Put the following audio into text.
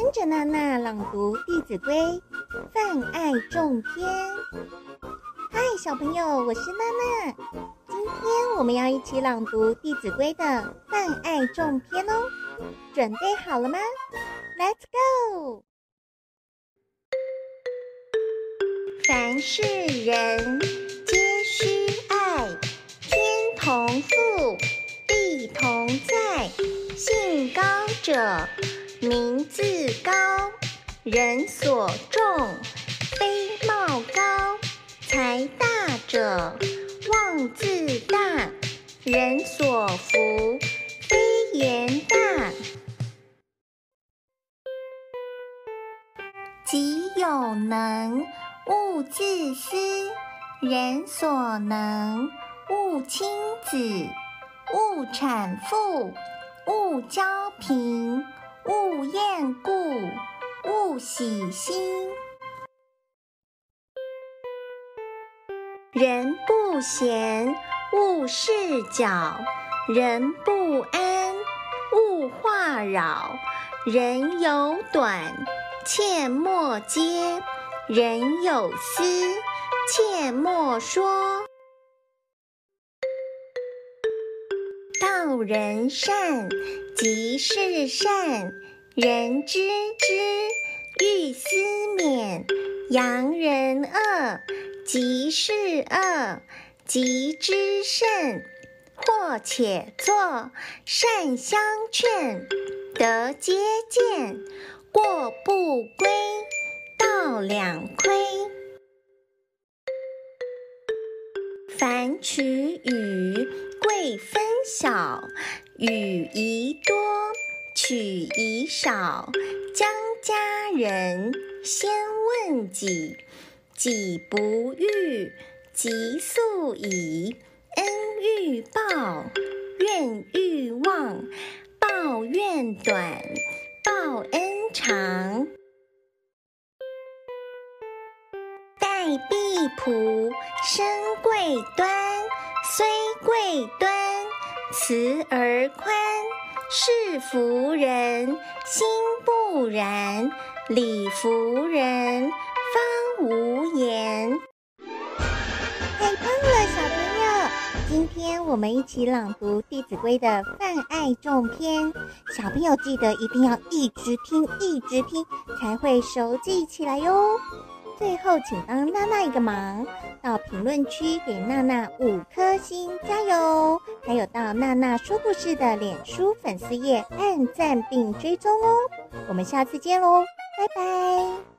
跟着娜娜朗讀《弟子規》汎愛眾篇。嗨，小朋友，我是娜娜，今天我們要一起朗讀《弟子規》的汎愛眾篇哦。準備好了嗎？Let's go。凡是人，皆須愛，天同覆，地同載，行高者。名自高，人所重；非貌高。才大者，望自大，人所服，非言大。己有能，勿自私；人所能，勿輕訾。勿諂富，勿驕貧。勿厭故，勿喜新。人不閑，勿事攪；人不安，勿話擾。人有短，切莫揭；人有私，切莫說。人善即是善，人知之愈思勉；揚人惡，即是惡，疾之甚，禍且作，善相勸，德皆建；過不規，道兩虧。凡取與。貴分曉，與宜多；取宜少，將加人，先問己。己不欲，即速已。恩欲報，怨欲忘；報怨短，報恩長。待婢僕，身貴端，雖。貴端，慈而寬；勢服人心不然理服人，方無言。太棒了，小朋友！今天我們一起朗讀《弟子規》的汎愛眾篇，小朋友記得一定要一直聽，一直聽，才會熟記起來喲。最後，請幫娜娜一個忙。到評論區給娜娜五顆星，加油！還有到娜娜說故事的臉書粉絲頁按讚並追蹤哦，我們下次見嘍，拜拜。